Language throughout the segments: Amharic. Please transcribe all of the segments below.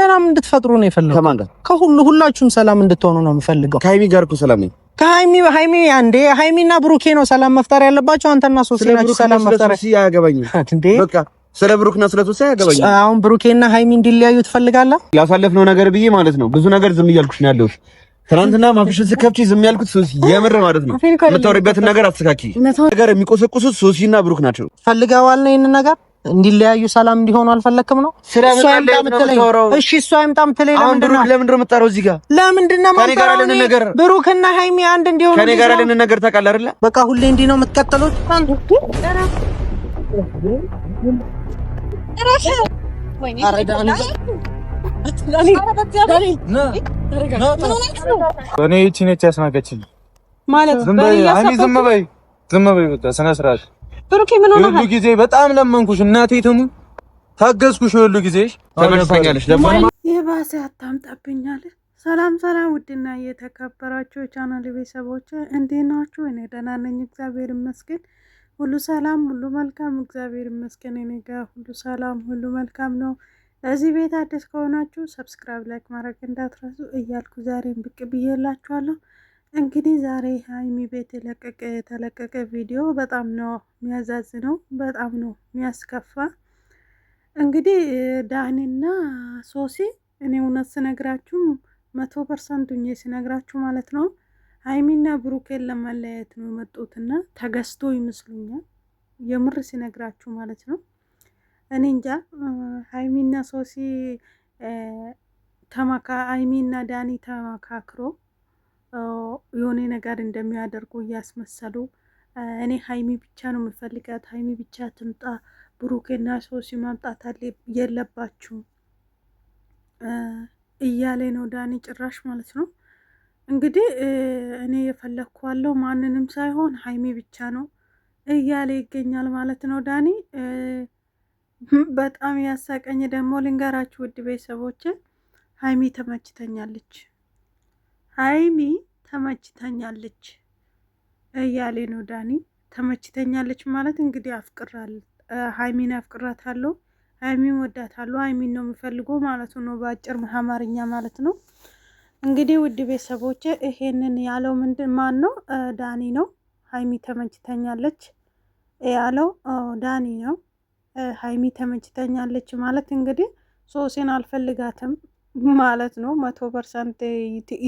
ሰላም እንድትፈጥሩ ነው የፈለገው። ከማን ጋር? ከሁሉ ሁላችሁም ሰላም እንድትሆኑ ነው የምፈልገው። ከሀይሚ ጋር እኮ ሰላም ነኝ። ከሀይሚ ሀይሚ አንዴ ሀይሚና ብሩኬ ነው ሰላም መፍጠር ያለባቸው። አንተና ሶስት ናችሁ ሰላም መፍጠር እንዴ? በቃ ስለ ብሩክና ስለ ሶስት አያገባኝም። አሁን ብሩኬና ሀይሚ እንዲለያዩ ትፈልጋለህ? ያሳለፍነው ነገር ብዬ ማለት ነው ብዙ ነገር ዝም እያልኩሽ ነው ያለሁት ትናንትና ማፍሽን ስከፍቺ ዝም ያልኩት ሶሲ የምር ማለት ነው። የምታወሪበትን ነገር አስተካኪ። ነገር የሚቆሰቁሱት ሶሲና ብሩክ ናቸው። ፈልገዋል ነው ይህንን ነገር እንዲለያዩ ሰላም እንዲሆኑ አልፈለክም ነው? እሺ፣ እሷ ይምጣ የምትለኝ ለምንድን ነው? ለምንድን ነው የምትጠራው እዚህ ጋር? ለምንድን ነው የምትጠራው? ብሩክና ሃይሚ አንድ እንዲሆኑ ከኔ ጋር ያለን ነገር ታውቃለህ አይደለ? በቃ ሁሌ እንዲህ ነው የምትቀጥሉት። እኔ ይቺ ነች ያስናገችኝ ማለት ዝም በይ፣ ዝም በይ፣ በቃ ስነ ስርዓት ብሩኬ ምን ሆነህ? ሁሉ ጊዜ በጣም ለመንኩሽ እናቴ ትሙ ታገዝኩሽ። ሁሉ ጊዜ ተመልሰኛለሽ። ደግሞ የባሰ አታምጣብኛል። ሰላም ሰላም፣ ውድና የተከበራችሁ የቻናል ቤተሰቦች እንዴት ናችሁ? እኔ ደህና ነኝ፣ እግዚአብሔር ይመስገን። ሁሉ ሰላም፣ ሁሉ መልካም፣ እግዚአብሔር ይመስገን። እኔ ጋር ሁሉ ሰላም፣ ሁሉ መልካም ነው። ለዚህ ቤት አዲስ ከሆናችሁ ሰብስክራይብ፣ ላይክ ማድረግ እንዳትረሱ እያልኩ ዛሬን ብቅ ብዬላችኋለሁ። እንግዲህ ዛሬ ሀይሚ ቤት የለቀቀ የተለቀቀ ቪዲዮ በጣም ነው የሚያዛዝነው፣ በጣም ነው የሚያስከፋ። እንግዲህ ዳኒና ሶሲ እኔ እውነት ስነግራችሁ መቶ ፐርሰንት ሁኜ ስነግራችሁ ማለት ነው ሀይሚና ብሩኬን ለመለያየት ነው የመጡትና ተገዝቶ ይመስሉኛል። የምር ሲነግራችሁ ማለት ነው። እኔ እንጃ ሀይሚና ሶሲ ተመካ ሀይሚና ዳኒ ተመካክሮ የሆነ ነገር እንደሚያደርጉ እያስመሰሉ እኔ ሀይሚ ብቻ ነው የምፈልጋት፣ ሀይሚ ብቻ ትምጣ፣ ብሩኬና ሶሲ ማምጣት የለባችሁም እያለ ነው ዳኒ ጭራሽ ማለት ነው። እንግዲህ እኔ የፈለግኳለው ማንንም ሳይሆን ሀይሚ ብቻ ነው እያለ ይገኛል ማለት ነው ዳኒ። በጣም ያሳቀኝ ደግሞ ልንገራችሁ ውድ ቤተሰቦችን ሀይሚ ተመችተኛለች። ሀይሚ ተመችተኛለች እያሌ ነው ዳኒ። ተመችተኛለች ማለት እንግዲህ አፍቅራል ሀይሚን አፍቅራታለሁ፣ ሀይሚን ወዳታለሁ፣ ሀይሚን ነው የምፈልገው ማለቱ ነው በአጭር አማርኛ ማለት ነው። እንግዲህ ውድ ቤተሰቦች ይሄንን ያለው ምንድን ማን ነው? ዳኒ ነው። ሀይሚ ተመችተኛለች ያለው ዳኒ ነው። ሀይሚ ተመችተኛለች ማለት እንግዲህ ሶሴን አልፈልጋትም ማለት ነው። መቶ ፐርሰንት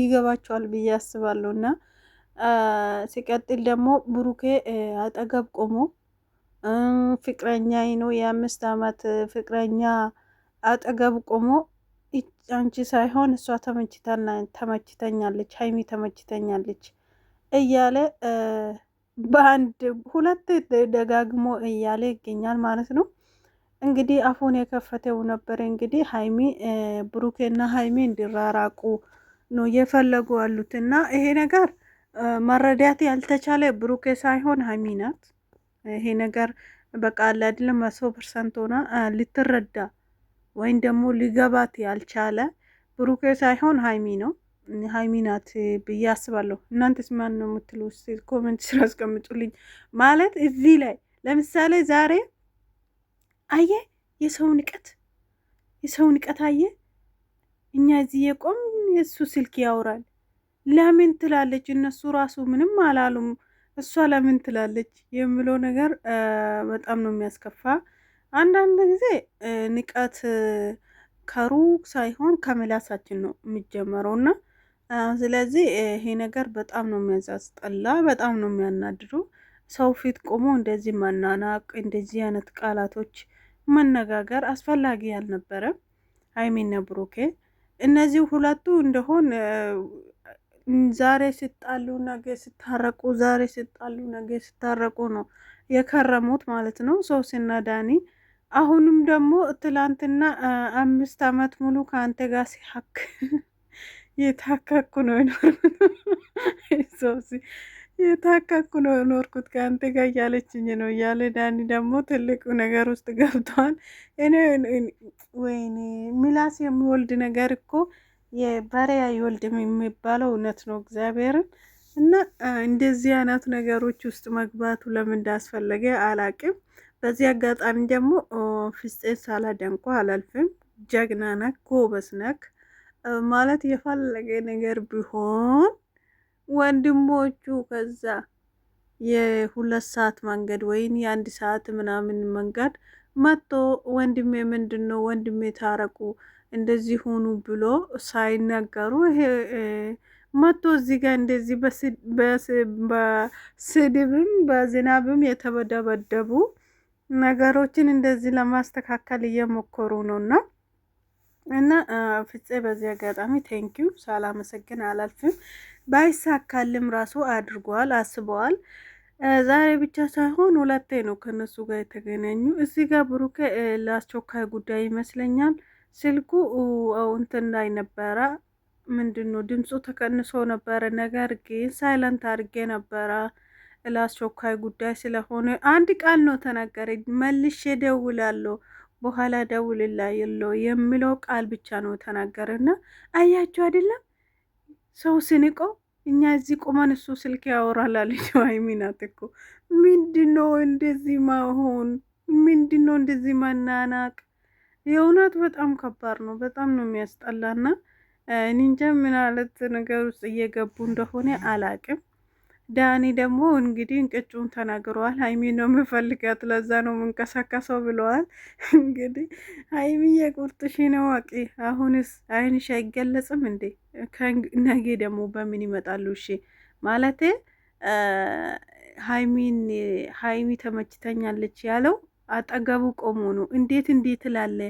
ይገባቸዋል ብዬ አስባለሁ። እና ሲቀጥል ደግሞ ብሩኬ አጠገብ ቆሞ ፍቅረኛ ነው የአምስት ዓመት ፍቅረኛ አጠገብ ቆሞ አንቺ ሳይሆን እሷ ተመችተኛለች፣ ሀይሚ ተመችተኛለች እያለ በአንድ ሁለት ደጋግሞ እያለ ይገኛል ማለት ነው። እንግዲህ አፉን የከፈተው ነበር። እንግዲህ ሀይሚ ብሩኬና ሀይሚ እንዲራራቁ ነው የፈለጉ አሉት እና ይሄ ነገር መረዳት ያልተቻለ ብሩኬ ሳይሆን ሀይሚ ናት። ይሄ ነገር በቃ ለድል መቶ ፐርሰንት ሆና ልትረዳ ወይም ደግሞ ሊገባት ያልቻለ ብሩኬ ሳይሆን ሀይሚ ነው ሀይሚ ናት ብዬ አስባለሁ። እናንተስ ማን ነው የምትሉ? ኮመንት ስራ አስቀምጡልኝ። ማለት እዚህ ላይ ለምሳሌ ዛሬ አየ የሰው ንቀት የሰው ንቀት አየ። እኛ እዚህ የቆም የእሱ ስልክ ያወራል። ለምን ትላለች? እነሱ ራሱ ምንም አላሉም። እሷ ለምን ትላለች የምለው ነገር በጣም ነው የሚያስከፋ። አንዳንድ ጊዜ ንቀት ከሩቅ ሳይሆን ከምላሳችን ነው የሚጀመረው እና ስለዚህ ይሄ ነገር በጣም ነው የሚያዛስጠላ፣ በጣም ነው የሚያናድዱ። ሰው ፊት ቆሞ እንደዚህ መናናቅ፣ እንደዚህ አይነት ቃላቶች መነጋገር አስፈላጊ አልነበረም። ሀይሚና ብሩኬ እነዚህ ሁለቱ እንደሆን ዛሬ ስጣሉ ነገ ስታረቁ፣ ዛሬ ስጣሉ ነገ ስታረቁ ነው የከረሙት ማለት ነው ሶስና ዳኒ። አሁንም ደግሞ ትላንትና አምስት አመት ሙሉ ከአንተ ጋር ሲሀክ የታከኩ ነው ይኖር የታከኩ ነው ኖርኩት ከአንተ ጋር እያለችኝ ነው እያለ ዳኒ ደግሞ ትልቁ ነገር ውስጥ ገብተዋል። እኔ ወይኔ ሚላስ የሚወልድ ነገር እኮ የበሬ አይወልድም የሚባለው እውነት ነው እግዚአብሔርን እና እንደዚህ አይነት ነገሮች ውስጥ መግባቱ ለምን እንዳስፈለገ አላቅም። በዚህ አጋጣሚ ደግሞ ፍስጤ ሳላደንቆ አላልፍም። ጀግና ነክ፣ ጎበዝ ነክ ማለት የፈለገ ነገር ቢሆን ወንድሞቹ ከዛ የሁለት ሰዓት መንገድ ወይን የአንድ ሰዓት ምናምን መንገድ መጥቶ ወንድሜ ምንድን ነው ወንድሜ ታረቁ እንደዚህ ሆኑ ብሎ ሳይነገሩ ይሄ መጥቶ እዚህ ጋር እንደዚህ በስድብም በዝናብም የተደበደቡ ነገሮችን እንደዚህ ለማስተካከል እየሞከሩ ነውና እና ፍፄ በዚህ አጋጣሚ ቴንኪዩ ሳላመሰግን አላልፍም። ባይሳካልም ራሱ አድርጓል፣ አስበዋል። ዛሬ ብቻ ሳይሆን ሁለቴ ነው ከነሱ ጋር የተገናኙ። እዚህ ጋር ብሩኬ ለአስቸኳይ ጉዳይ ይመስለኛል ስልኩ እንትን ላይ ነበረ። ምንድን ነው ድምፁ ተቀንሶ ነበረ። ነገር ግን ሳይለንት አድርጌ ነበረ ለአስቸኳይ ጉዳይ ስለሆነ አንድ ቃል ነው ተናገረ። መልሼ ደውላለሁ በኋላ ደውልላ የለው የሚለው ቃል ብቻ ነው ተናገረና፣ አያችሁ አይደለም ሰው ስንቆ እኛ እዚህ ቁመን እሱ ስልክ ያወራል አለች። ሀይሚናት እኮ ምንድነው እንደዚህ ማሆን? ምንድነው እንደዚህ መናናቅ? የእውነት በጣም ከባድ ነው። በጣም ነው የሚያስጠላና እኔ እንጃ ምን ነገር ውስጥ እየገቡ እንደሆነ አላቅም። ዳኒ ደግሞ እንግዲህ እንቅጩን ተናግረዋል። ሀይሚ ነው የምፈልጋት ለዛ ነው የምንቀሳቀሰው ብለዋል። እንግዲህ ሀይሚ የቁርጥሽ ነው አቂ አሁንስ አይንሽ አይገለጽም እንዴ? ነጌ ደግሞ በምን ይመጣሉ? እሺ ማለት ሀይሚን ሀይሚ ተመችተኛለች ያለው አጠገቡ ቆሞ ነው። እንዴት እንዴት ትላለ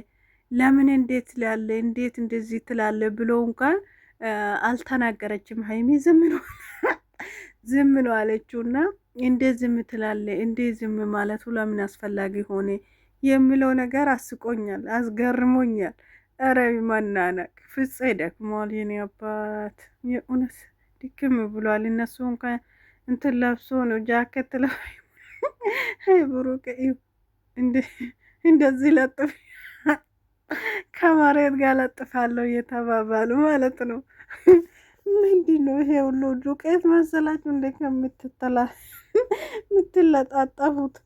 ለምን እንዴት ላለ እንዴት እንደዚህ ትላለ ብሎ እንኳን አልተናገረችም። ሀይሚ ዝም ነው ዝም ነው አለችው እና እንዴ ዝም ትላለ እንዴ ዝም ማለቱ ለምን አስፈላጊ ሆነ የሚለው ነገር አስቆኛል፣ አስገርሞኛል። ኧረ መናነቅ ፍፄ ደክሟል። የኔ አባት የእውነት ድክም ብሏል። እነሱ እንኳ እንትን ለብሶ ነው ጃኬት ለ ብሩቅ እንደዚህ ለጥፍ ከመሬት ጋር ለጥፋለሁ እየተባባሉ ማለት ነው። ምንድን ነው ይሄ ሁሉ ዱቄት መሰላችሁ? እንደ ከምትተላ የምትለጣጠፉት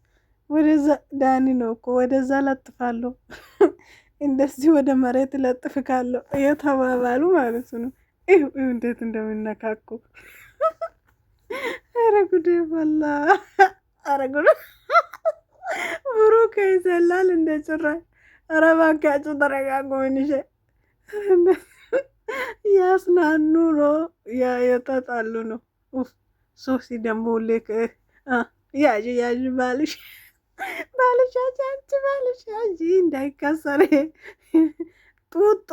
ወደዛ ዳኒ ነው እኮ ወደዛ ለጥፋለሁ፣ እንደዚህ ወደ መሬት ለጥፍካለሁ እየተባባሉ ማለት ነው። ይህ እንዴት እንደሚነካኩ አረጉዴ ጉዴ ፈላ። ኧረ ጉዴ ብሩክ ይዘላል እንደ ጭራሽ። ኧረ እባካችሁ ተረጋጉ። ምንሽ ያስናኑ ነው የጠጣሉ ነው። ሶሲ ደግሞ ልክ ያዥ ያዥ ባልሽ ባልሽ አንቺ ባልሽ ያዥ እንዳይከሰር ጡጦ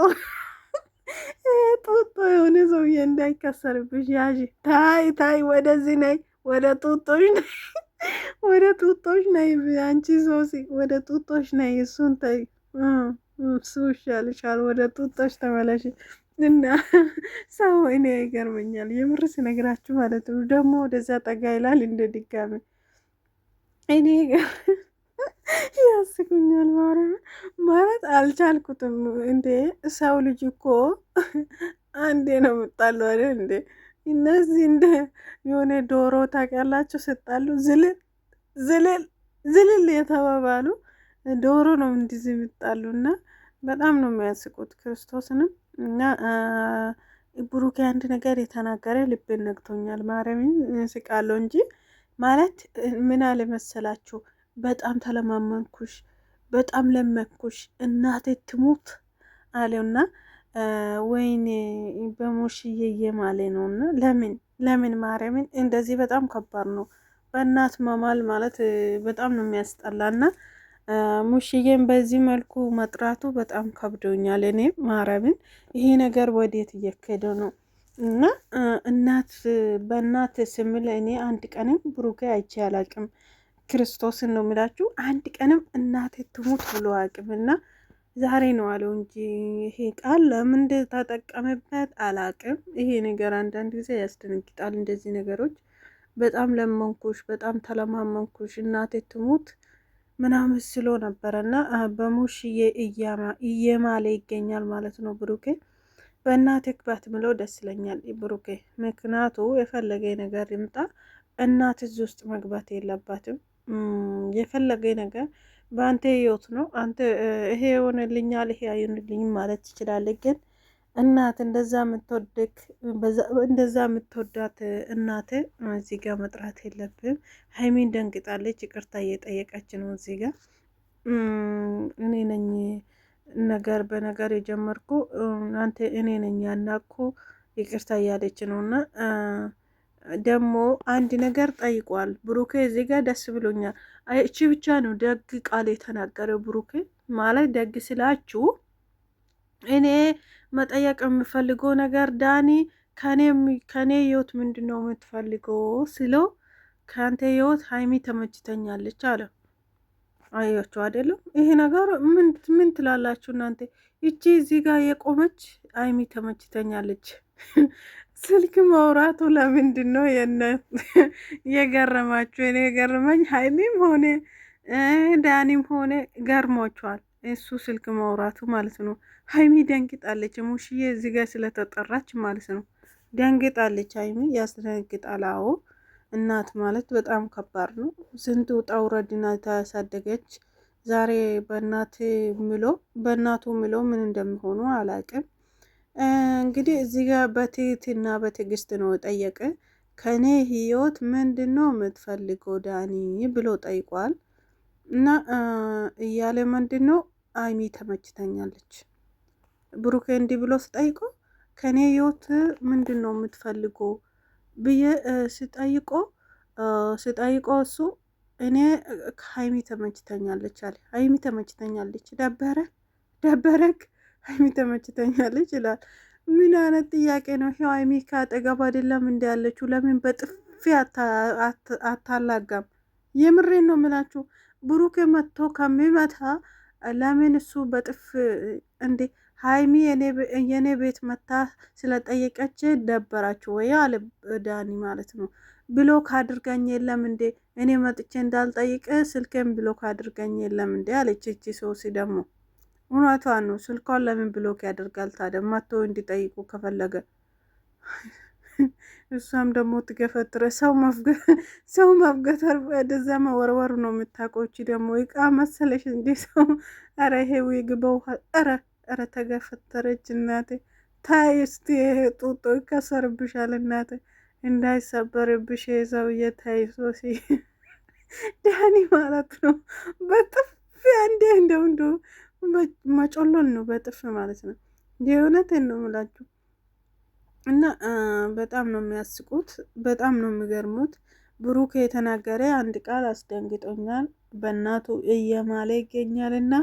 ጡጦ የሆነ ሰውዬ እንዳይከሰርብሽ ያዥ። ታይ ታይ ወደዚህ ነይ፣ ወደ ጡጦሽ ነይ፣ ወደ ጡጦሽ ነይ። አንቺ ሶሲ ወደ ጡጦሽ ነይ። እሱን ታይ፣ እሱ ይሻልሻል። ወደ ጡጦሽ ተመለሽ። እና ሰው እኔ ይገርመኛል የምር ስነግራችሁ ማለት ነው። ደግሞ ወደዛ ጠጋ ይላል እንደ ድጋሚ እኔ ያስገኛል ማለት አልቻልኩትም። እንዴ ሰው ልጅ እኮ አንዴ ነው ምጣሉ አለ እንዴ እነዚህ እንደ የሆነ ዶሮ ታውቃላችሁ፣ ስጣሉ ዝልል ዝልል የተባባሉ ዶሮ ነው እንዲዝ እንዲህ እና በጣም ነው የሚያስቁት ክርስቶስንም እና ብሩኬ አንድ ነገር የተናገረ ልቤን ነግቶኛል። ማርያምን ስቃለው እንጂ ማለት ምን አለ መሰላችሁ? በጣም ተለማመንኩሽ፣ በጣም ለመኩሽ፣ እናቴ ትሙት አለውና ወይኔ ማለ ነው እና ለምን ለምን ማርያምን እንደዚህ በጣም ከባድ ነው። በእናት መማል ማለት በጣም ነው የሚያስጠላና ሙሽዬን በዚህ መልኩ መጥራቱ በጣም ከብዶኛል። እኔም ማረብን ይሄ ነገር ወዴት እየከደ ነው? እና እናት በእናት ስምል እኔ አንድ ቀንም ብሩኬ አይቼ አላቅም። ክርስቶስን ነው የሚላችሁ። አንድ ቀንም እናቴ ትሙት ብሎ አቅም እና ዛሬ ነው አለው እንጂ ይሄ ቃል ለምን ተጠቀመበት አላቅም። ይሄ ነገር አንዳንድ ጊዜ ያስደነግጣል። እንደዚህ ነገሮች በጣም ለመንኩሽ፣ በጣም ተለማመንኩሽ፣ እናቴ ትሙት ምናምን ስሎ ነበረ እና በሙሽዬ እየማለ ይገኛል ማለት ነው ብሩኬ። በእናትህ ምለው ደስ ይለኛል ብሩኬ። ምክንያቱ የፈለገ ነገር ይምጣ እናት እዚህ ውስጥ መግባት የለባትም። የፈለገ ነገር በአንተ ህይወት ነው። አንተ ይሄ የሆነልኛል ይሄ አይሆንልኝም ማለት ትችላለህ ግን እናት እንደዛ የምትወድክ እንደዛ የምትወዳት እናት እዚህ ጋ መጥራት የለብም። ሀይሚን ደንግጣለች። ይቅርታ እየጠየቀች ነው። እዚህ ጋ እኔ ነኝ ነገር በነገር የጀመርኩ አንተ እኔ ነኝ ያናኩ ይቅርታ እያለች ነው። እና ደግሞ አንድ ነገር ጠይቋል ብሩኬ። እዚህ ጋ ደስ ብሎኛል። እቺ ብቻ ነው ደግ ቃል የተናገረው ብሩኬ ማለት ደግ ስላችሁ እኔ መጠየቅ የምፈልገው ነገር ዳኒ ከኔ ህይወት ምንድን ነው የምትፈልገው ስለው ከአንተ ህይወት ሀይሚ ተመችተኛለች አለ። አያችሁ አይደለም? ይሄ ነገር ምን ትላላችሁ እናንተ? ይቺ እዚህ ጋር የቆመች ሀይሚ ተመችተኛለች። ስልክ መውራቱ ለምንድን ነው የገረማችሁ? እኔ የገረመኝ ሀይሚም ሆነ ዳኒም ሆነ ገርሞችኋል። እሱ ስልክ ማውራቱ ማለት ነው። ሀይሚ ደንግጣለች፣ ሙሽዬ እዚህ ጋር ስለተጠራች ማለት ነው። ደንግጣለች ሀይሚ ያስደነግጣል። አዎ እናት ማለት በጣም ከባድ ነው። ስንት ውጣ ውረድና ታሳደገች። ዛሬ በእናት ምሎ በእናቱ ምሎ ምን እንደሚሆኑ አላቅም። እንግዲህ እዚህ ጋር በትህትና በትዕግስት ነው ጠየቀ። ከኔ ህይወት ምንድን ነው የምትፈልገው ዳኒ ብሎ ጠይቋል። እና እያለ ምንድን ነው አይሚ ተመችተኛለች። ብሩኬ እንዲህ ብሎ ስጠይቆ ከኔ ህይወት ምንድን ነው የምትፈልጎ ብዬ ስጠይቆ ስጠይቆ እሱ እኔ ሀይሚ ተመችተኛለች አለ። ሀይሚ ተመችተኛለች፣ ደበረ ደበረክ፣ ሀይሚ ተመችተኛለች ይላል። ምን አይነት ጥያቄ ነው? ይሄው ሀይሚ ከአጠገብ አይደለም እንዲ ያለችው፣ ለምን በጥፊ አታላጋም? የምሬን ነው ምላችሁ ብሩኬ መጥቶ ከሚመታ ለምን እሱ በጥፍ እንዴ ሀይሚ የኔ ቤት መታ ስለጠየቀች ደበራችሁ ወይ አለ ዳኒ ማለት ነው። ብሎክ አድርገኝ የለም እንዴ እኔ መጥቼ እንዳልጠይቅ ስልክን ብሎክ አድርገኝ የለም እንዴ አለች። እቺ ሶሲ ደግሞ እውነቷን ነው። ስልኳን ለምን ብሎክ ያደርጋል ታዲያ መጥቶ እንዲጠይቁ ከፈለገ እሷም ደግሞ ትገፈጥረ ሰው መፍገት ወደዛ መወርወር ነው የምታቆች። ደግሞ ይቃ መሰለሽ እንዲ ሰው ረ ይሄ ዊግ በውሃ ረ ረ ተገፈተረች። እናቴ ታይ እስቲ ጡጦ ይከሰርብሻል እናቴ እንዳይሰበርብሽ ሰውዬ ታይ። ሶሲ ዳኒ ማለት ነው በጥፍ አንዴ እንደው እንደው መጮሎን ነው በጥፍ ማለት ነው የእውነት ነው ምላችሁ እና በጣም ነው የሚያስቁት፣ በጣም ነው የሚገርሙት። ብሩክ የተናገረ አንድ ቃል አስደንግጦኛል፣ በእናቱ እየማለ ይገኛል። እና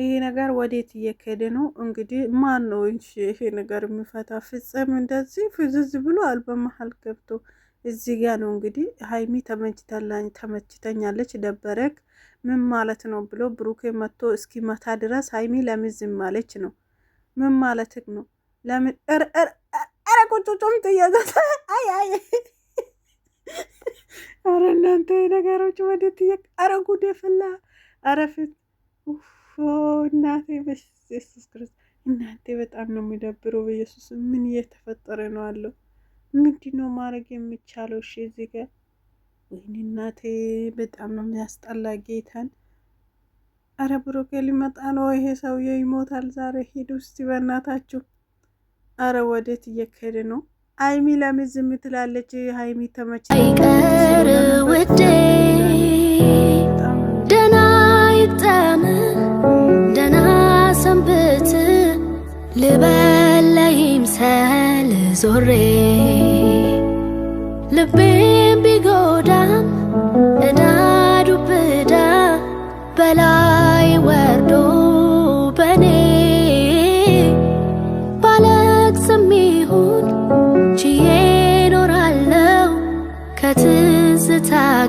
ይሄ ነገር ወዴት እየከደ ነው? እንግዲህ ማን ነው ይሄ ነገር የሚፈታ? ፍጽም እንደዚህ ፍዝዝ ብሎ አልበመሀል ገብቶ እዚህ ጋ ነው እንግዲህ ሀይሚ ተመችተኛለች፣ ደበረክ ምን ማለት ነው ብሎ ብሩኬ መጥቶ እስኪ መታ ድረስ ሀይሚ ለምን ዝም አለች ነው? ምን ማለትክ ነው? ለምን አረ ቁጭ ጩም ትያዛት። አይ አይ አረ እናንተ ነገሮች ወዴት ትየ አረ ጉድ የፈላ አረ ፊት እናቴ በኢየሱስ ክርስቶስ እናንተ በጣም ነው የሚደብረው። በኢየሱስ ምን እየተፈጠረ ነው አለው። ምንድን ነው ማድረግ የሚቻለው? እሺ እዚህ ጋር ወይኔ እናቴ በጣም ነው የሚያስጠላ ጌታን። አረ ብሮኬ ሊመጣ ነው ይሄ ሰውዬ ይሞታል ዛሬ። ሂዱ እስቲ በእናታችሁ አረ ወዴት እየከሄደ ነው? ሀይሚ ለምን ዝም ትላለች? ሀይሚ ተመች ይቀር ውዴ ደና ይጠም ደና ሰንብት ልበለይም ሰል ዞሬ ልቤም ቢጎዳም እዳ በላ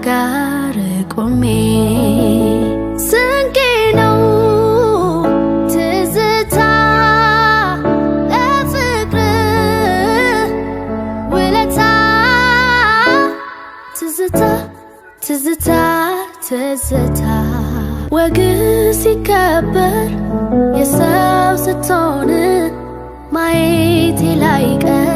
ጋር ቆሜ ትዝታ ትዝታ ትዝታ ትዝታ ወግ ሲከበር የሰው ስትሆን ማየቴ ላይ